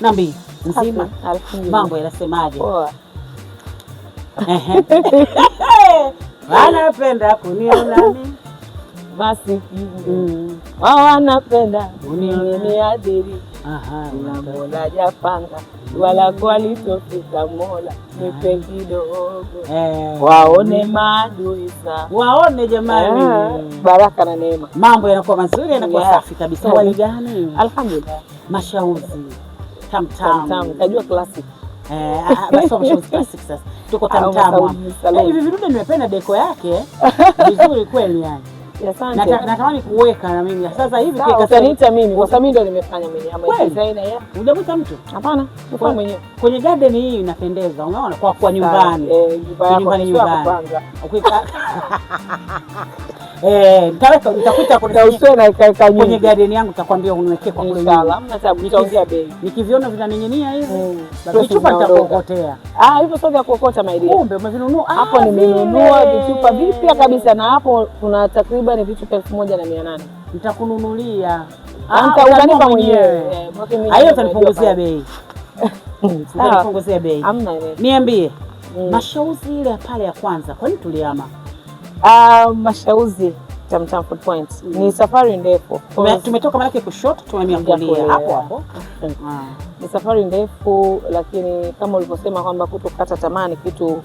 Nambi mzima, mambo yanasemaje? Wanapenda kuniona mimi basi, mm. Mm. wanapenda kuniadhiri. Na Mola japanga wala mm. kwalitofika Mola nipe kidogo, eh. waone maadui waone jamani, ah, baraka na neema, mambo yanakuwa mazuri, yanakuwa safi kabisa. Wali gani? Alhamdulillah, mashauzi tamtamu, classic eh, ah, ah, tuko ah, tamtamu. Yaani hivi vidude nimependa deko yake vizuri kweli yani. Natamani kuweka na mimi sasa hivi kwa sababu ndio nimefanya mwenyewe. Hujamwita mtu? Hapana, kwa mwenyewe. Kwenye garden hii inapendeza, unaona kwa kwa nyumbani. Eh, nyumbani nyumbani. Eh, utakuta kwenye garden yangu nitakwambia uniwekee kwa kule. Hamna nitaongea bei. Nikiviona vinaning'inia hivi, vichupa mm. nitakuokotea. Ah, hivyo sio vya kuokota my dear. Kumbe umevinunua. Ah, hapo nimenunua vichupa vipya kabisa na hapo kuna takriban vichupa elfu moja na mia nane. Nitakununulia. Ah, ah, utanipa mwenyewe. Hiyo eh, utanipunguzia bei. Utanipunguzia bei. Niambie. Mm. Mashauzi ile ya pale ya kwanza, kwa nini tuliama? Uh, um, Mashauzi Tamtam Food Point mm. Ni safari ndefu, tumetoka manake kushoto, tumeangalia hapo hapo ah. Ni safari ndefu, lakini kama ulivyosema kwamba kutokata tamaa ni kitu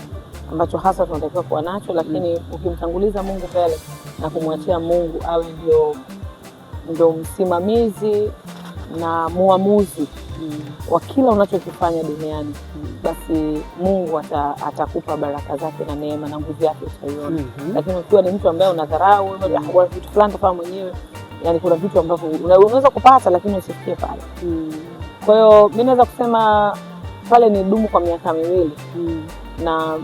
ambacho hasa tunatakiwa kuwa nacho, lakini mm. ukimtanguliza Mungu mbele na kumwachia Mungu awe ndio ndio msimamizi na muamuzi kwa kila unachokifanya duniani mm. basi Mungu atakupa ata baraka zake na neema na nguvu yake utaiona. mm -hmm. Lakini ukiwa ni mtu ambaye unadharau mhm. vitu fulani kama mwenyewe, yani kuna vitu ambavyo unaweza kupata lakini usifikie pale. mm. Kwa hiyo mi naweza kusema pale ni dumu kwa miaka miwili mm. na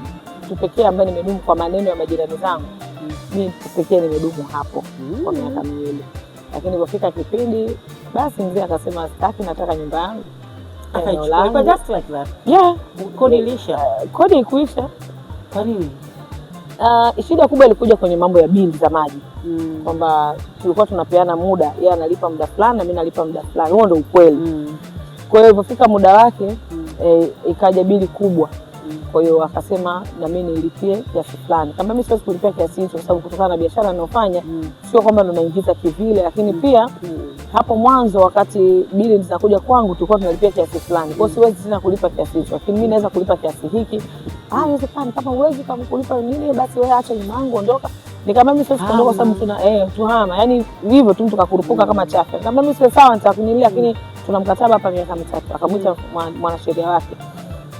mtu pekee ambaye nimedumu kwa maneno ya majirani zangu mm. mi pekee nimedumu hapo mm. kwa mhm. miaka miwili, lakini kufika kipindi basi mzee akasema sitaki, nataka nyumba yangu Just like that. Yeah. Kodi ilisha. Kodi ikuisha. Kwa nini? Uh, shida kubwa ilikuja kwenye mambo ya bili za maji mm. Kwamba tulikuwa tunapeana muda, yeye analipa muda fulani na mimi nalipa muda fulani, huo ndo ukweli mm. Kwa hiyo ilipofika muda wake mm. Eh, ikaja bili kubwa kwa hiyo akasema na mimi nilipie kiasi fulani. Kama mimi siwezi kulipia kiasi hicho, kwa sababu kutokana na biashara ninayofanya mm. sio kwamba ninaingiza kivile, lakini mm. pia mm. hapo mwanzo wakati bili zinakuja kwangu tulikuwa tunalipia kiasi fulani, kwa hiyo mm. siwezi tena kulipa kiasi hicho, lakini mimi naweza kulipa kiasi hiki. Ah, mm. inawezekana kama uwezi kama kulipa nini, basi wewe acha nyuma yangu, ondoka. Nikamwambia mimi siwezi kuondoka, sababu tuna eh tuhama, yani hivyo tu, mtu kakurupuka mm. kama chafa. Nikamwambia mimi siwezi, sawa, nitakunyelea, lakini tuna mkataba hapa miaka mitatu. Akamwita mwanasheria wake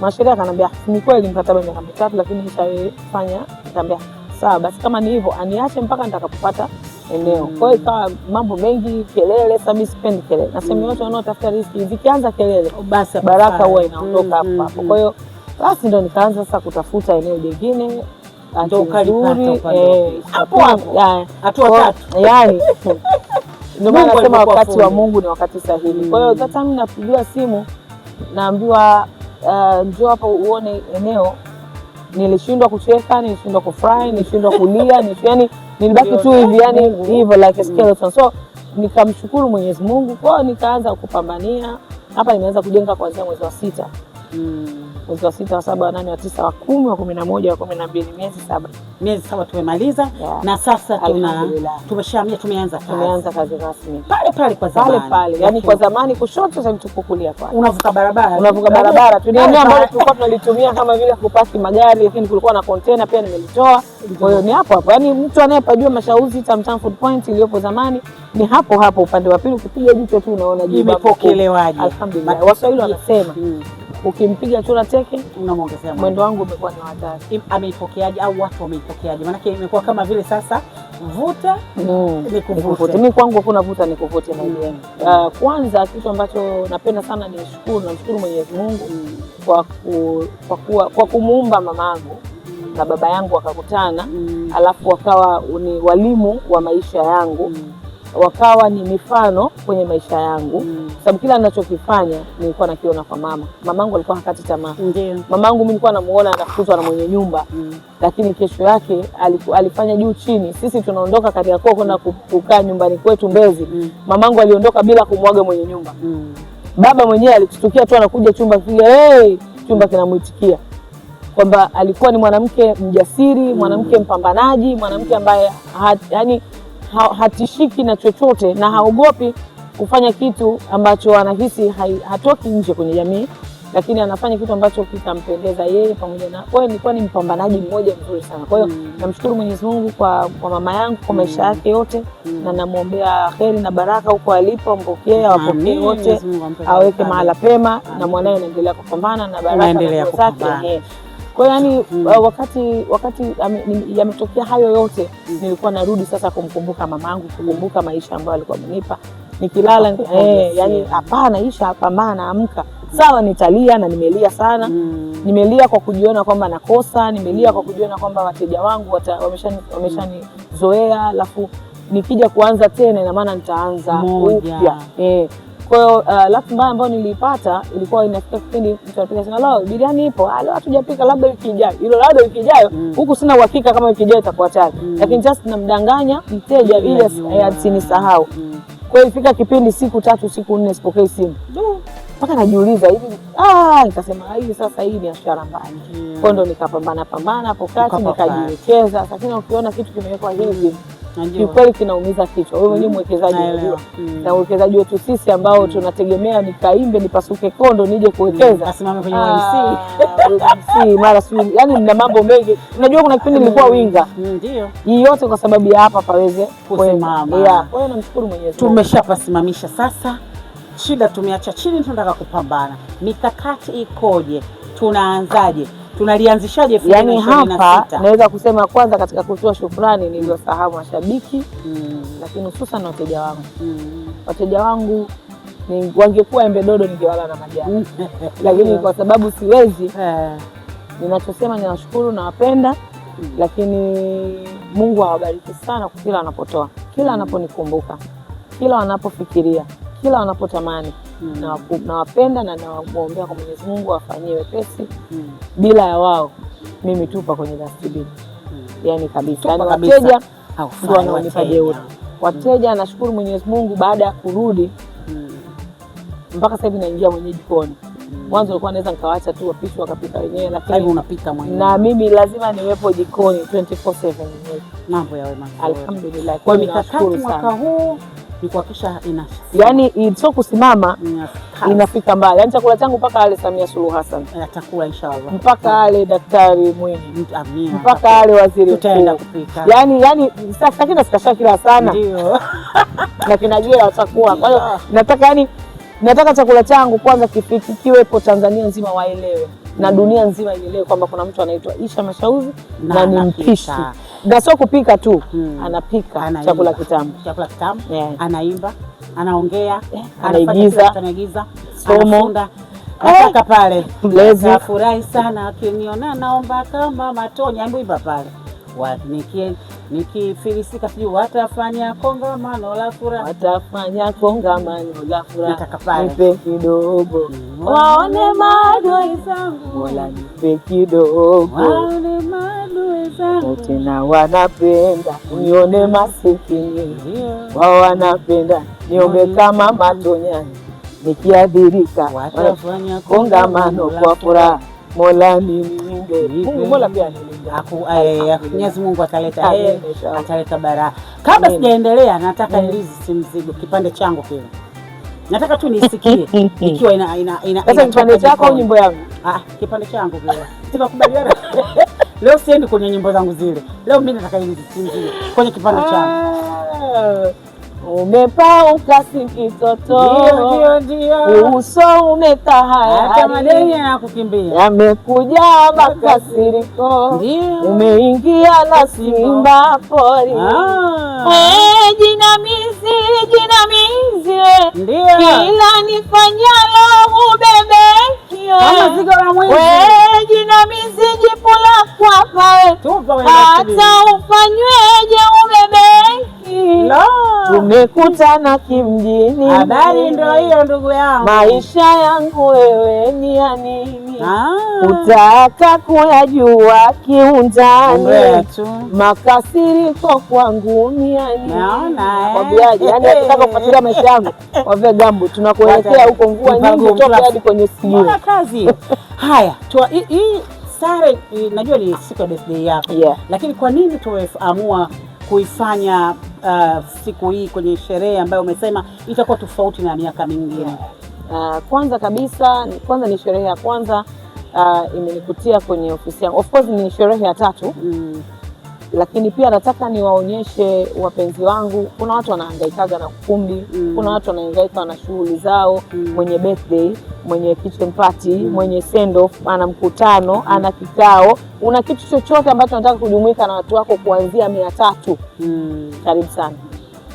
Mashauri akanambia ni kweli, mkataba miaka mitatu, lakini nishafanya. Nikamwambia sawa basi, kama ni hivyo aniache mpaka nitakapopata eneo. Mm. Kwa hiyo ikawa mambo mengi, kelele. Sasa mimi sipendi kelele, nasema watu mm. wanaotafuta riziki, zikianza kelele oh, basi baraka huwa inaondoka hapo mm, hapo. Kwa hiyo basi ndo nikaanza sasa kutafuta eneo jingine eh, hapo hapo, eh, yani ndio maana nasema wakati wa Mungu ni wakati sahihi. Kwa hiyo hata mimi napigiwa simu naambiwa uh, njoo hapa uone eneo. Nilishindwa kucheka, nilishindwa kufurahi, nilishindwa kulia, yani nilibaki tu hivi, yani hivyo like a skeleton. So nikamshukuru Mwenyezi Mungu kwao, nikaanza kupambania hapa. Nimeanza kujenga kuanzia mwezi wa sita mwezi wa sita, wa saba, wa nane, wa tisa, wa kumi, wa kumi na moja, wa kumi na mbili, miezi saba, miezi saba tumemaliza. Yeah. na sasa tuna tumeshaamia, tumeanza kazi, tumeanza kazi rasmi pale pale kwa zamani, pale pale, yani kwa zamani kushoto, sasa mtu kukulia, kwa unavuka barabara, unavuka barabara, tuliamia ambayo tulikuwa tunalitumia kama vile kupaki magari, lakini kulikuwa na container pia nimelitoa. Kwa hiyo ni hapo hapo, yani mtu anayepajua Mashauzi Tamtam Food Point iliyopo zamani ni hapo hapo upande wa pili, ukipiga jicho tu unaona imepokelewaje. Alhamdulillah, Waswahili wanasema hmm ukimpiga chura teke unamwongezea. Mwendo wangu umekuwa ni watatu. Ameipokeaje au watu wameipokeaje? Maanake imekuwa kama vile sasa vuta mm. nikuvute. Mimi kwangu hakuna vuta nikuvute mm. Uh, kwanza kitu ambacho napenda sana ni shukuru, namshukuru Mwenyezi Mungu mm. kwa, ku, kwa, kwa, kwa kumuumba mamangu na baba yangu wakakutana mm. alafu wakawa ni walimu wa maisha yangu mm wakawa ni mifano kwenye maisha yangu mm. Sababu kila ninachokifanya nilikuwa nakiona kwa mama. Mamangu alikuwa hakati tamaa. Mamangu mimi nilikuwa namuona anafukuzwa na mwenye nyumba mm. Lakini kesho yake aliku, alifanya juu chini. Sisi tunaondoka Kariakoo kwenda kukaa nyumbani kwetu Mbezi mm. Mamangu aliondoka bila kumwaga mwenye nyumba mm. Baba mwenyewe alitustukia tu anakuja chumba kile, hey! chumba kinamwitikia kwamba alikuwa ni mwanamke mjasiri, mwanamke mm. mpambanaji, mwanamke ambaye yani ha, hatishiki na chochote na haogopi kufanya kitu ambacho anahisi hatoki nje kwenye jamii, lakini anafanya kitu ambacho kitampendeza yeye pamoja na kwa ni, nilikuwa ni mpambanaji mmoja mzuri sana. Kwa hiyo mm. namshukuru Mwenyezi Mungu kwa, kwa mama yangu kwa mm. maisha mm. yake yote mm. na namwombea heri na baraka huko alipo, ampokee awapokee wote, aweke mahala pema, na mwanae anaendelea kupambana na baraka zake. Kwa yani, mm. uh, wakati wakati yametokea hayo yote mm. nilikuwa narudi sasa kumkumbuka mamangu, kukumbuka maisha ambayo alikuwa amenipa nikilala eh, yani hapana, isha hapa, maana amka sawa, nitalia na nimelia sana mm. nimelia kwa kujiona kwamba nakosa, nimelia mm. kwa kujiona kwamba wateja wangu wameshanizoea, wameshani mm. alafu nikija kuanza tena, ina maana nitaanza upya eh. Kwa hiyo uh, lafu mbaya ambayo nilipata ilikuwa inafika kipindi mtu anapiga sana lao, biriani ipo ah, leo hatujapika, labda wiki ijayo. Hilo labda wiki ijayo mm. huku Sina uhakika kama wiki ijayo itakuwa tayari mm. Lakini just namdanganya mteja mm. Ili mm. asinisahau eh, mm. Kwa hiyo ifika kipindi siku tatu siku nne sipokei simu mpaka najiuliza hivi, ah, nikasema hivi sasa, hii ni biashara mbaya mm. Kwa ndo nikapambana pambana hapo kati nikajiwekeza, lakini ukiona kitu kimewekwa mm. hivi mm kiukweli kinaumiza kichwa wewe mwenyewe mm, mwekezaji unajua, mm. na uwekezaji wetu sisi ambao mm. tunategemea nikaimbe nipasuke kondo nije kuwekeza ah, mara sijui, yani na mambo mengi. Unajua kuna kipindi nilikuwa winga, hii yote kwa sababu ya hapa paweze kusimama. Kwa hiyo namshukuru Mwenyezi Mungu, tumeshapasimamisha sasa shida tumeacha chini, tunataka kupambana. Mikakati ikoje? Tunaanzaje? tunalianzishaje? Yani hapa naweza kusema kwanza, katika kutoa shukrani niliyosahau mashabiki mm. lakini hususan na wateja wangu mm. wateja wangu wangekuwa embe dodo ningewala na majani mm. lakini kwa sababu siwezi eh. Ninachosema ninashukuru, nawapenda mm. lakini Mungu awabariki sana kwa kila anapotoa, kila mm. anaponikumbuka, kila wanapofikiria, kila wanapotamani mm. nawapenda na nawaombea kwa Mwenyezi Mungu wafanyie wepesi mm. bila ya wao mimi tupa kwenye dastibini mm. yani kabisa yani wateja ndio wanaonipa jeuri mm. wateja mm. nashukuru Mwenyezi Mungu baada ya kurudi mm. mpaka sasa hivi naingia mwenye jikoni mm. mwanzo likuwa naweza nikawaacha tu wapishi wakapika wenyewe, lakini unapika mwenyewe na mimi lazima niwepo jikoni 24/7. Mambo yawe mazuri, alhamdulillah. Kwa mikakati mwaka huu ni kuhakikisha inafika, yani sio kusimama, inafika mbali. Yani chakula changu mpaka ale Samia Suluhu Hassan, atakula inshallah, mpaka ale Daktari Mwinyi, amina, mpaka ale waziri, tutaenda kupika. Yani yani sasa kina sikashakila sana, ndio na kinajua watakuwa. Kwa hiyo nataka yani nataka chakula changu kwanza kifiki kiwepo Tanzania nzima waelewe na mm. dunia nzima ielewe kwamba kuna mtu anaitwa Isha Mashauzi na, na ni mpishi na sio kupika tu hmm. Anapika anaimba, chakula kitamu, chakula kitamu yeah. Anaimba, anaongea, eh, anaigiza, anaigiza somo nataka eh, pale nafurahi sana akiniona, naomba kama matonya mbuiba pale wanikie nikifilisika, sijui watafanya kongamano la furaha, watafanya kongamano la furaha, mm. nipe kidogo waone maadui zangu, wala nipe kidogo waone maadui zangu, tena wanapenda nione mm. masikini wao, wanapenda niombe kama matonyani, nikiadhirika watafanya kongamano kwa furaha, mola ni mlinge Mungu, mola pia Eh, Mwenyezi Mungu ataleta heri, ataleta baraka. Kabla sijaendelea, nataka nilizi mzigo kipande changu kile, nataka tu nisikie ikiwa ina ina ina kipande chako au nyimbo yangu. Ah, kipande changu kile tunakubaliana. Leo siendi kwenye nyimbo zangu zile, leo mimi nataka nilizi mzigo kwenye kipande ah. changu. Umepauka si kitoto, uso umetahaya, yamekuja makasiriko, umeingia na simba pori. Hey, ah. jinamizi jinamizi, kila nifanyalo ubebekio. Hey, jinamizi jipula kwapa, hata ufanyweje Tumekutana kimjini, habari ndo hiyo ndugu yangu. Maisha yangu wewe ni ya nini? Ah. Utaka kuyajua kiundani, makasiriko kwangu ni ya nini? Eh. Kwambiaje? Yani akitaka kufuatilia maisha yangu wavie gambo, tunakuelekea huko, mvua nyingi toka hadi kwenye sijui kazi. Haya, hii sare, najua ni siku ya birthday yako, lakini kwa nini tuamua kuifanya uh, siku hii kwenye sherehe ambayo umesema itakuwa tofauti na miaka mingine? Uh, kwanza kabisa kwanza ni sherehe ya kwanza uh, imenikutia kwenye ofisi yangu. Of course ni sherehe ya tatu mm lakini pia nataka niwaonyeshe wapenzi wangu, kuna watu wanahangaikaga na ukumbi mm. kuna watu wanahangaika na shughuli zao mm. mwenye birthday, mwenye kitchen party mm. mwenye send off, ana mkutano mm. ana kikao, una kitu chochote ambacho nataka kujumuika na watu wako kuanzia mia tatu mm. karibu sana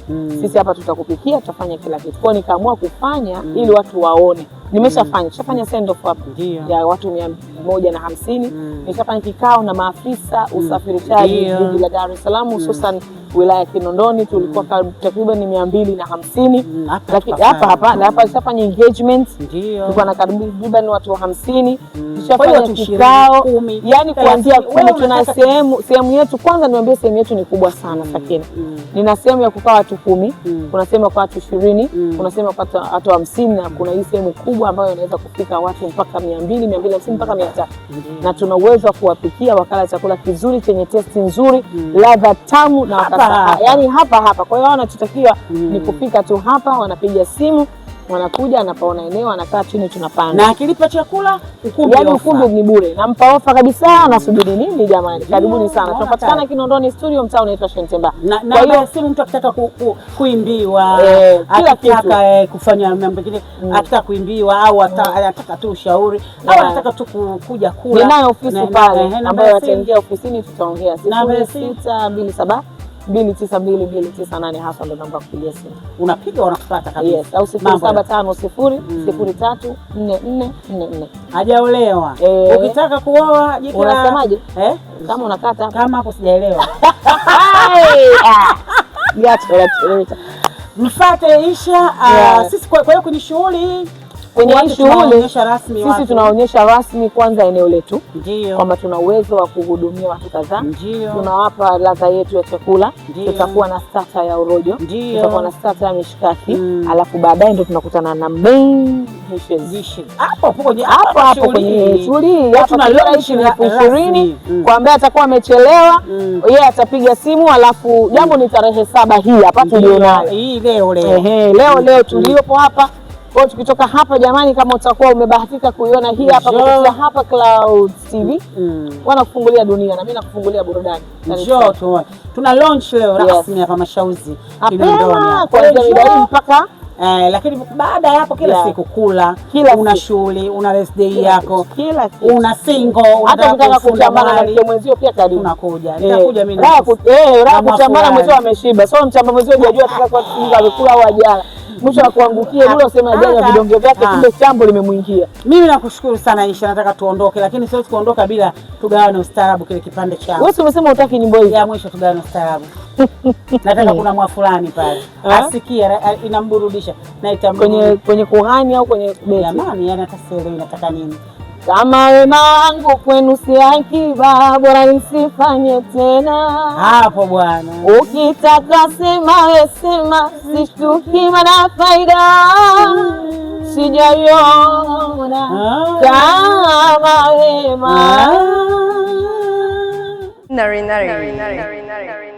mm. sisi hapa tutakupikia, tutafanya kila kitu kwao. Nikaamua kufanya mm. ili watu waone nimeshafanya mm. nishafanya send off hapa ya watu mia moja na hamsini mm. nishafanya kikao na maafisa mm. usafirishaji jiji la Dar es Salaam mm. hususan mm. wilaya ya Kinondoni tulikuwa mm. takriban mia mbili na hamsini hapa hapa na hapa nishafanya engagement tulikuwa na takriban watu hamsini nishafanya kikao yani kuanzia kumi tuna sehemu sehemu yetu kwanza niwaambie sehemu yetu ni kubwa sana Sakina nina sehemu ya kukaa watu kumi kuna sehemu ya kukaa watu ishirini kuna sehemu ya kukaa watu hamsini na kuna hii sehemu kubwa kubwa ambayo inaweza kufika watu mpaka mia mbili mia mbili hamsini mpaka mia tatu na tuna uwezo wa kuwapikia wakala chakula kizuri chenye testi nzuri, mm. ladha tamu na yaani hapa hapa. Kwa hiyo wao wanachotakiwa ni mm. kufika tu hapa, wanapiga simu wanakuja anapaona eneo anakaa chini, tunapanda na akilipa chakula ukumbi, yani ukumbi ni bure, nampa ofa kabisa. Nasubiri nini jamani? Karibuni sana, tunapatikana Kinondoni Studio, mtaa unaitwa shentemba Kwa hiyo simu, mtu akitaka kuimbiwa eh, kila eh, kitu, kufanya mambo mengine, mm. akitaka kuimbiwa au mm. anataka tu ushauri au anataka tu kuja kula, ninayo ofisi pale eh, ambayo ataingia ofisini, tutaongea sifuri sita mbili saba mbili tisa mbili mbili tisa nane hapa ndo namba kupigia simu. Unapiga unatupata kabisa. Yes, au sifuri saba tano sifuri sifuri tatu nne nne nne nne. Hajaolewa. Ukitaka kuoa jikila. Unasemaje? Eh? Kama unakata kama hapo sijaelewa. Mfate Isha, yeah. sisi kwa hiyo kwenye shughuli kwenye hii shughuli sisi tunaonyesha rasmi kwanza eneo letu kwamba tuna uwezo wa kuhudumia watu kadhaa. Tunawapa ladha yetu ya chakula, tutakuwa na starter ya urojo, tutakuwa na starter ya mishikaki mm. alafu baadaye ndo tunakutana na main hapo hapo kwenye shughuli elfu ishirini mm. kwa ambaye atakuwa amechelewa mm. yeye yeah, atapiga simu alafu jambo mm. ni tarehe saba hii hapa tulionayo leo leo mm. tuliopo hapa kwa tukitoka hapa jamani, kama utakuwa umebahatika kuiona hii hapa kupitia hapa Cloud TV mm. wanakufungulia dunia na mimi nakufungulia burudani. Yaani Njoo tuna launch leo rasmi hapa Mashauzi Dodoma kuanzia mida mpaka Eh, lakini baada ya hapo kila yeah. siku kula kila una shughuli una rest day yako kila siku una single hata unataka kuchambana na mke mwenzio pia karibu unakuja eh. nitakuja mimi eh raha kuchambana mwenzio ameshiba so mchamba mwenzio hajajua atakayekuwa amekula au ajala mwisho akuangukie yule ah, useme ajali ya ah, vidonge vyake, ah. kumbe chambo limemwingia. Mimi nakushukuru sana Aisha, nataka tuondoke, lakini sio tuondoka bila tugawane ustaarabu kile kipande changu. Wewe umesema utaki nyimbo hii ya mwisho, tugawane ustaarabu nataka kuna mwa fulani pale eh? asikia inamburudisha na itamburudisha kwenye kwenye kuhani au kwenye beti. Jamani, nataka sielewi nataka nini kama wema wangu kwenu si akiba, bora nisifanye tena hapo bwana. Ukitaka sema we sema, sishtuki mana faida sijaiona ah. kama wema ah.